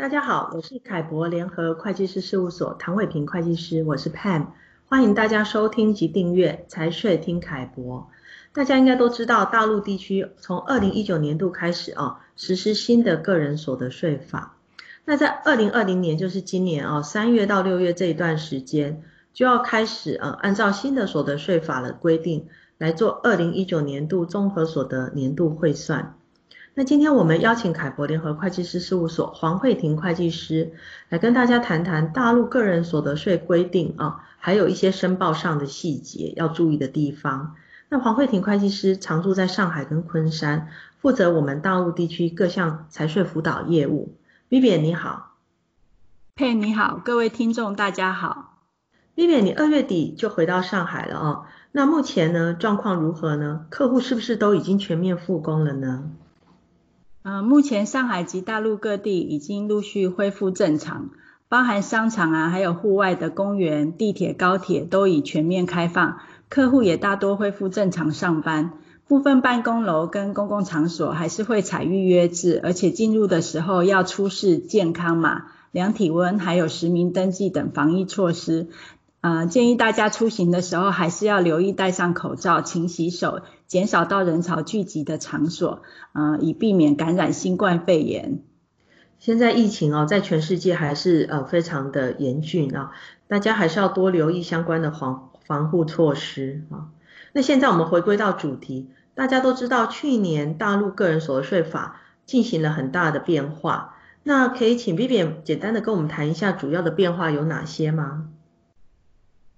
大家好，我是凱博聯合會計師事務所唐偉平會計師，我是 Pam，歡迎大家收聽及訂閱財稅聽凱博。大家應該都知道，大陸地區從二零一九年度開始哦，實施新的個人所得稅法。那在二零二零年，就是今年哦，三月到六月這一段時間，就要開始，哦，按照新的所得稅法的規定來做二零一九年度綜合所得年度匯算。那今天我們邀請凱博聯合會計師事務所黃慧婷會計師來跟大家談談大陸個人所得稅規定啊，還有一些申報上的細節要注意的地方。那黃慧婷會計師常住在上海跟昆山，負責我們大陸地區各項財稅輔導業務。Vivian 你好，Pen 你好，各位聽眾大家好。Vivian 你二月底就回到上海了哦，那目前呢狀況如何呢？客戶是不是都已經全面復工了呢？呃，目前上海及大陸各地已經陸續恢復正常，包含商場啊，還有戶外的公園、地鐵、高鐵都已全面開放，客戶也大多恢復正常上班。部分辦公樓跟公共場所還是會採預約制，而且進入的時候要出示健康碼、量體溫、還有實名登記等防疫措施。啊、呃，建議大家出行的時候還是要留意戴上口罩、勤洗手，減少到人潮聚集的場所，啊、呃，以避免感染新冠肺炎。現在疫情哦，在全世界還是呃非常的嚴峻啊，大家還是要多留意相關的防防護措施啊。那現在我們回歸到主題，大家都知道去年大陸個人所得稅法進行了很大的變化，那可以請 B B 簡單的跟我們談一下主要的變化有哪些嗎？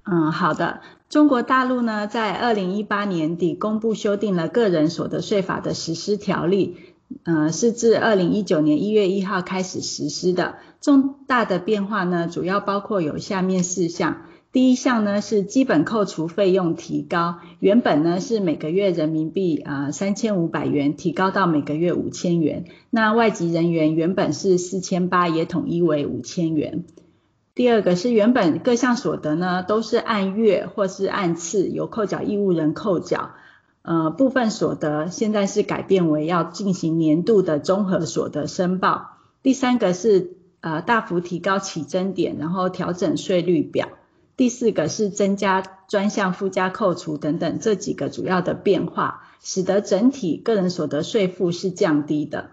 嗯，好的。中國大陸呢，在二零一八年底公布修訂了個人所得稅法的實施條例，嗯、呃，是自二零一九年一月一號開始實施的。重大的變化呢，主要包括有下面四項。第一項呢，是基本扣除費用提高，原本呢，是每個月人民幣啊三千五百元，提高到每個月五千元。那外籍人員原本是四千八，也統一為五千元。第二個是原本各項所得呢，都是按月或是按次由扣繳義務人扣繳，呃，部分所得現在是改變為要進行年度的綜合所得申報。第三個是呃，大幅提高起徵點，然後調整稅率表。第四個是增加專項附加扣除等等，這幾個主要的變化，使得整體個人所得稅負是降低的。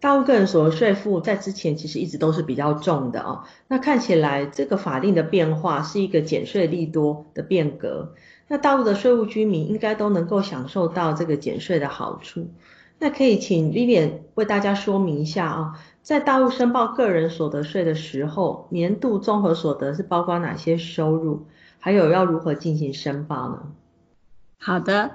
大陸個人所得稅負在之前其實一直都是比較重的哦。那看起來這個法令的變化是一個減稅利多的變革。那大陸的稅務居民應該都能夠享受到這個減稅的好處。那可以請 Vivian 為大家說明一下啊、哦，在大陸申報個人所得稅的時候，年度綜合所得是包括哪些收入，還有要如何進行申報呢？好的。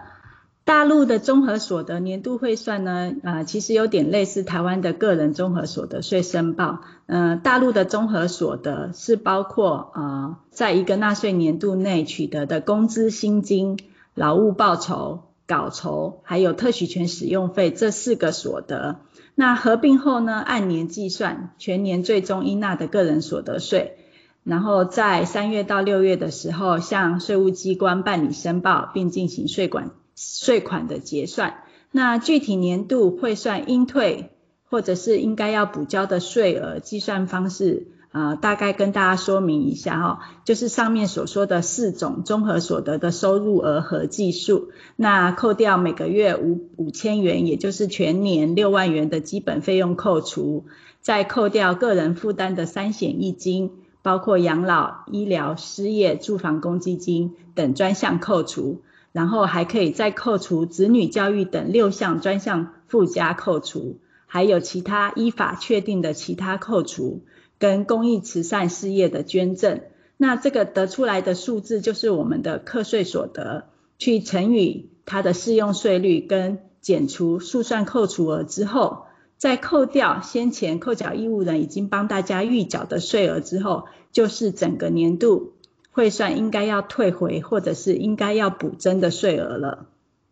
大陸的綜合所得年度匯算呢，啊、呃，其實有點類似台灣的個人綜合所得稅申報。嗯、呃，大陸的綜合所得是包括啊、呃，在一個納稅年度內取得的工資薪金、勞務報酬、稿酬，還有特許權使用費這四個所得。那合併後呢，按年計算，全年最終應納的個人所得稅，然後在三月到六月的時候向稅務機關辦理申報，並進行稅管稅款的結算，那具體年度匯算應退或者是應該要補交的稅額計算方式，呃，大概跟大家說明一下哈、哦，就是上面所說的四種綜合所得的收入額合計數，那扣掉每個月五五千元，也就是全年六萬元的基本費用扣除，再扣掉個人負擔的三險一金，包括養老、醫療、失業、住房公積金等專項扣除。然後還可以再扣除子女教育等六項專項附加扣除，還有其他依法確定的其他扣除，跟公益慈善事業的捐贈。那這個得出來的數字就是我們的課稅所得，去乘以它的適用稅率跟減除速算扣除額之後，再扣掉先前扣繳義務人已經幫大家預繳的稅額之後，就是整個年度。匯算應該要退回，或者是應該要補徵的稅額了。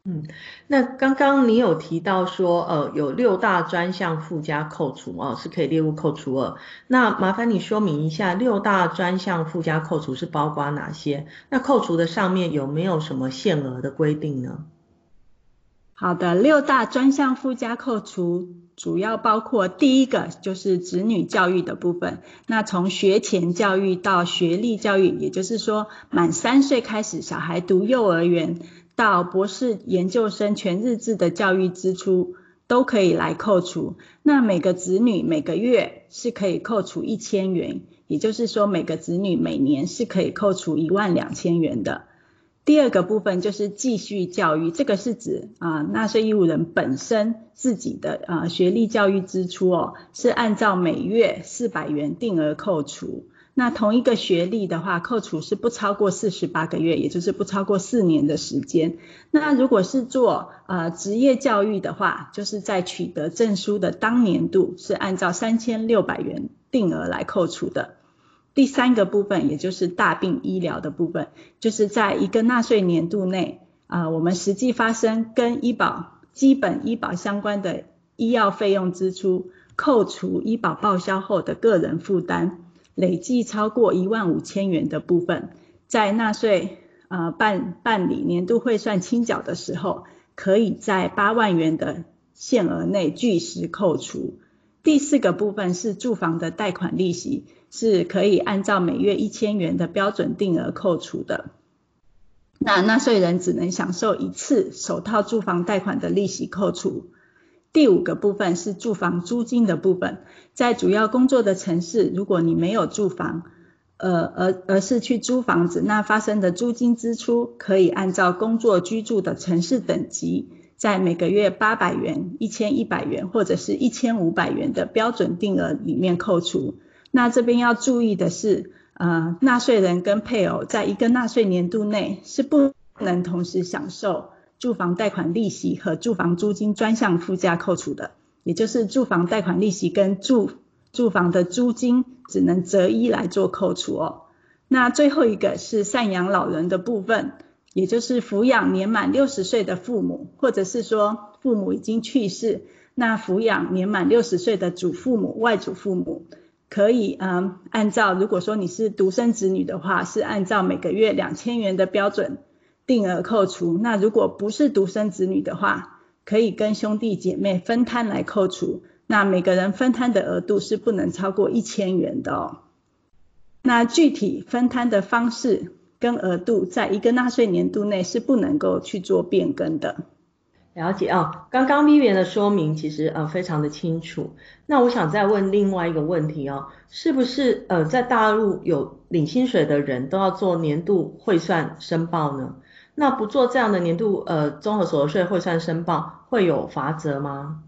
嗯，那剛剛你有提到說，呃，有六大專項附加扣除哦，呃，是可以列入扣除額。那麻煩你說明一下，六大專項附加扣除是包括哪些？那扣除的上面有沒有什麼限額的規定呢？好的，六大專項附加扣除主要包括第一個就是子女教育的部分。那從學前教育到學歷教育，也就是說滿三歲開始，小孩讀幼兒園到博士研究生全日制的教育支出都可以來扣除。那每個子女每個月是可以扣除一千元，也就是說每個子女每年是可以扣除一萬兩千元的。第二個部分就是繼續教育，這個是指啊納稅義務人本身自己的啊、呃、學歷教育支出哦，是按照每月四百元定額扣除。那同一個學歷的話，扣除是不超過四十八個月，也就是不超過四年的時間。那如果是做啊職業教育的話，就是在取得證書的當年度是按照三千六百元定額來扣除的。第三個部分，也就是大病醫療的部分，就是在一個納稅年度內，啊、呃，我們實際發生跟醫保基本醫保相關的醫藥費用支出，扣除醫保報銷後的個人負擔，累計超過一萬五千元的部分，在納稅，呃，辦辦理年度匯算清繳的時候，可以在八萬元的限額內據實扣除。第四個部分是住房的貸款利息。是可以按照每月一千元的標準定額扣除的。那納稅人只能享受一次首套住房貸款的利息扣除。第五個部分是住房租金的部分，在主要工作的城市，如果你沒有住房，呃，而而是去租房子，那發生的租金支出可以按照工作居住的城市等級，在每個月八百元、一千一百元或者是一千五百元的標準定額裡面扣除。那這邊要注意的是，呃，納稅人跟配偶在一個納稅年度內是不能同時享受住房貸款利息和住房租金專項附加扣除的，也就是住房貸款利息跟住住房的租金只能擇一來做扣除哦。那最後一個是贍養老人的部分，也就是撫養年滿六十歲的父母，或者是說父母已經去世，那撫養年滿六十歲的祖父母、外祖父母。可以，嗯，按照，如果說你是獨生子女的話，是按照每個月兩千元的標準定額扣除。那如果不是獨生子女的話，可以跟兄弟姐妹分攤來扣除。那每個人分攤的額度是不能超過一千元的哦。那具體分攤的方式跟額度在一個納稅年度內是不能夠去做變更的。了解啊、哦，剛剛 Vivian 的說明其實呃非常的清楚。那我想再問另外一個問題哦，是不是呃在大陸有領薪水的人都要做年度匯算申報呢？那不做這樣的年度呃綜合所得稅彙算申報會有罰則嗎？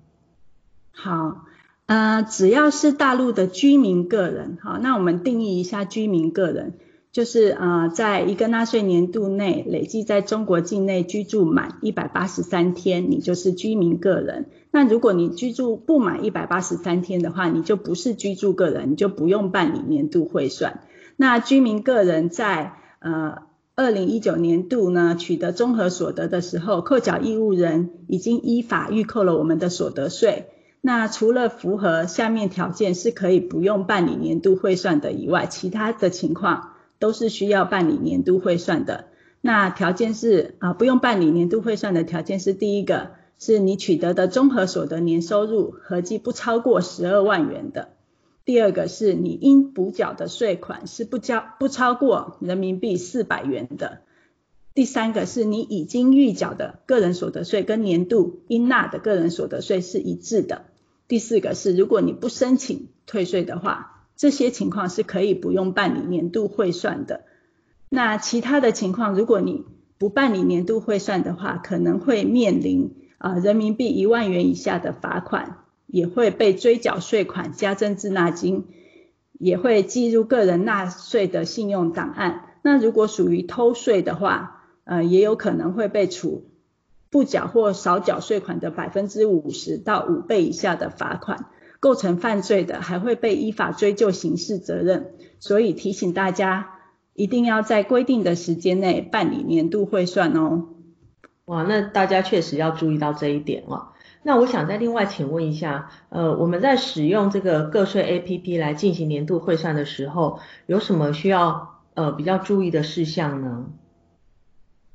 好、呃，只要是大陸的居民個人，好，那我們定義一下居民個人。就是啊，呃，在一個納稅年度內，累計在中國境內居住滿一百八十三天，你就是居民個人。那如果你居住不滿一百八十三天的話，你就不是居住個人，你就不用辦理年度匯算。那居民個人在呃二零一九年度呢，取得綜合所得的時候，扣繳義務人已經依法預扣了我們的所得稅。那除了符合下面條件是可以不用辦理年度匯算的以外，其他的情況。都是需要辦理年度匯算的。那條件是啊，不用辦理年度匯算的條件是：第一個，是你取得的綜合所得年收入合計不超過十二萬元的；第二個，是你應補繳的稅款是不交不超過人民幣四百元的；第三個，是你已經預繳的個人所得稅跟年度應納的個人所得稅是一致的；第四個是，如果你不申請退稅的話。這些情況是可以不用辦理年度匯算的。那其他的情況，如果你不辦理年度匯算的話，可能會面臨啊、呃、人民幣一萬元以下的罰款，也會被追繳稅款、加徵滯納金，也會記入個人納稅的信用檔案。那如果屬於偷稅的話，呃，也有可能會被處不繳或少繳稅款的百分之五十到五倍以下的罰款。構成犯罪的，還會被依法追究刑事責任。所以提醒大家，一定要在規定的時間內辦理年度匯算哦。哇，那大家確實要注意到這一點哦。那我想再另外請問一下，呃，我們在使用這個個稅 APP 來進行年度匯算的時候，有什麼需要呃比較注意的事項呢？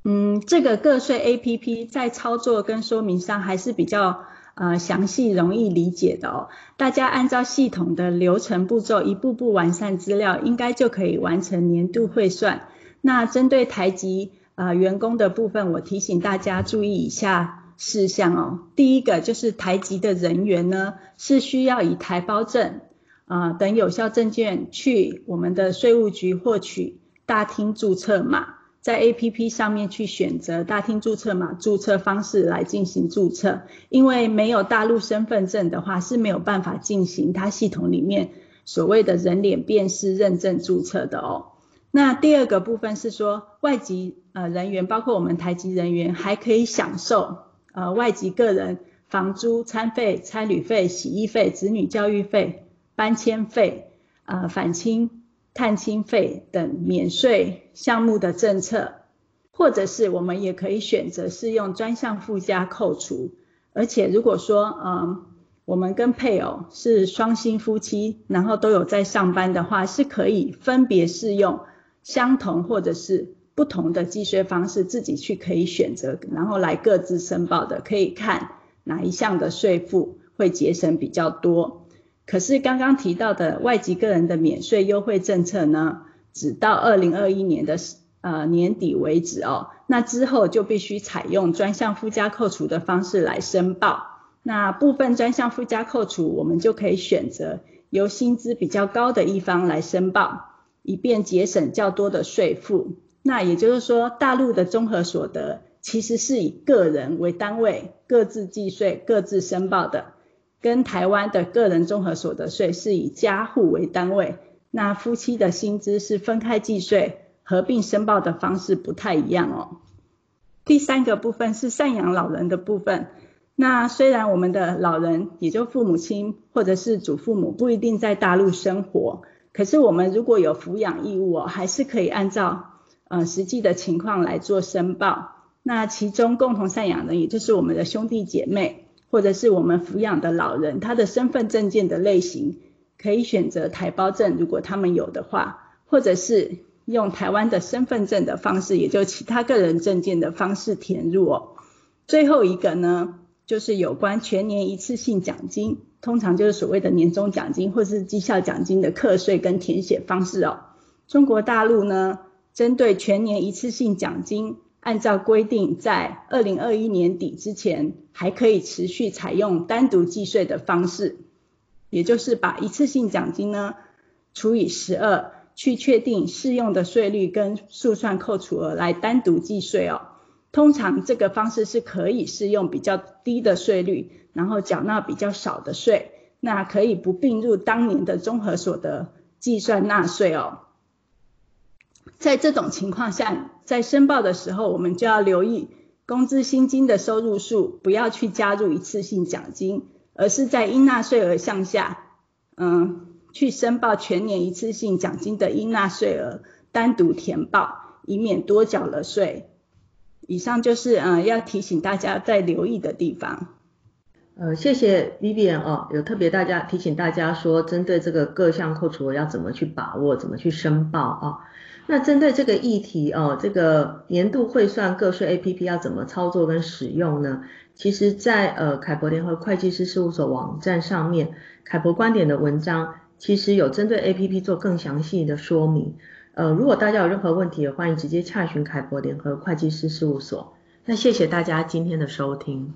嗯，這個個稅 APP 在操作跟說明上還是比較。呃，詳細容易理解的哦，大家按照系統的流程步驟，一步步完善資料，應該就可以完成年度匯算。那針對台籍啊、呃呃、員工的部分，我提醒大家注意以下事項哦。第一個就是台籍的人員呢，是需要以台胞證啊、呃、等有效證件去我們的稅務局獲取大廳注冊碼。在 A P P 上面去選擇大廳註冊碼註冊方式來進行註冊，因為沒有大陸身份證的話是沒有辦法進行它系統裡面所謂的人臉辨識認證註冊的哦。那第二個部分是說外籍呃人員，包括我們台籍人員還可以享受呃外籍個人房租、餐費、差旅費、洗衣費、子女教育費、搬遷費、呃返青。探親費等免稅項目的政策，或者是我們也可以選擇適用專項附加扣除。而且如果說，嗯，我們跟配偶是雙薪夫妻，然後都有在上班的話，是可以分別適用相同或者是不同的計稅方式，自己去可以選擇，然後來各自申報的，可以看哪一項的稅負會節省比較多。可是剛剛提到的外籍個人的免稅優惠政策呢，只到二零二一年的呃年底為止哦。那之後就必須採用專項附加扣除的方式來申報。那部分專項附加扣除，我們就可以選擇由薪資比較高的一方來申報，以便節省較多的稅負。那也就是說，大陸的綜合所得其實是以個人為單位，各自計稅、各自申報的。跟台灣的個人綜合所得稅是以家戶為單位，那夫妻的薪資是分開計稅、合併申報的方式不太一樣哦。第三個部分是贍養老人的部分，那雖然我們的老人，也就父母親或者是祖父母不一定在大陸生活，可是我們如果有撫養義務哦，還是可以按照呃實際的情況來做申報。那其中共同贍養人，也就是我們的兄弟姐妹。或者是我們撫養的老人，他的身份證件的類型可以選擇台胞證，如果他們有的話，或者是用台灣的身份證的方式，也就其他個人證件的方式填入哦。最後一個呢，就是有關全年一次性獎金，通常就是所謂的年終獎金或是績效獎金的課稅跟填寫方式哦。中國大陸呢，針對全年一次性獎金。按照規定，在二零二一年底之前，還可以持續採用單獨計稅的方式，也就是把一次性獎金呢除以十二，去確定適用的稅率跟速算扣除額來單獨計稅哦。通常這個方式是可以適用比較低的稅率，然後繳納比較少的稅，那可以不併入當年的綜合所得計算納稅哦。在這種情況下，在申報的時候，我們就要留意工資薪金的收入數，不要去加入一次性獎金，而是在應納稅額項下，嗯，去申報全年一次性獎金的應納稅額，單獨填報，以免多繳了稅。以上就是嗯，要提醒大家在留意的地方。呃，謝謝 Vivian 哦，有特別大家提醒大家說，針對這個各項扣除我要怎麼去把握，怎麼去申報啊？哦那針對這個議題哦，這個年度匯算個稅 APP 要怎麼操作跟使用呢？其實在，在呃凱博聯合會計師事務所網站上面，凱博觀點的文章其實有針對 APP 做更詳細的說明。呃，如果大家有任何問題，也歡迎直接洽詢凱博聯合會計師事務所。那謝謝大家今天的收聽。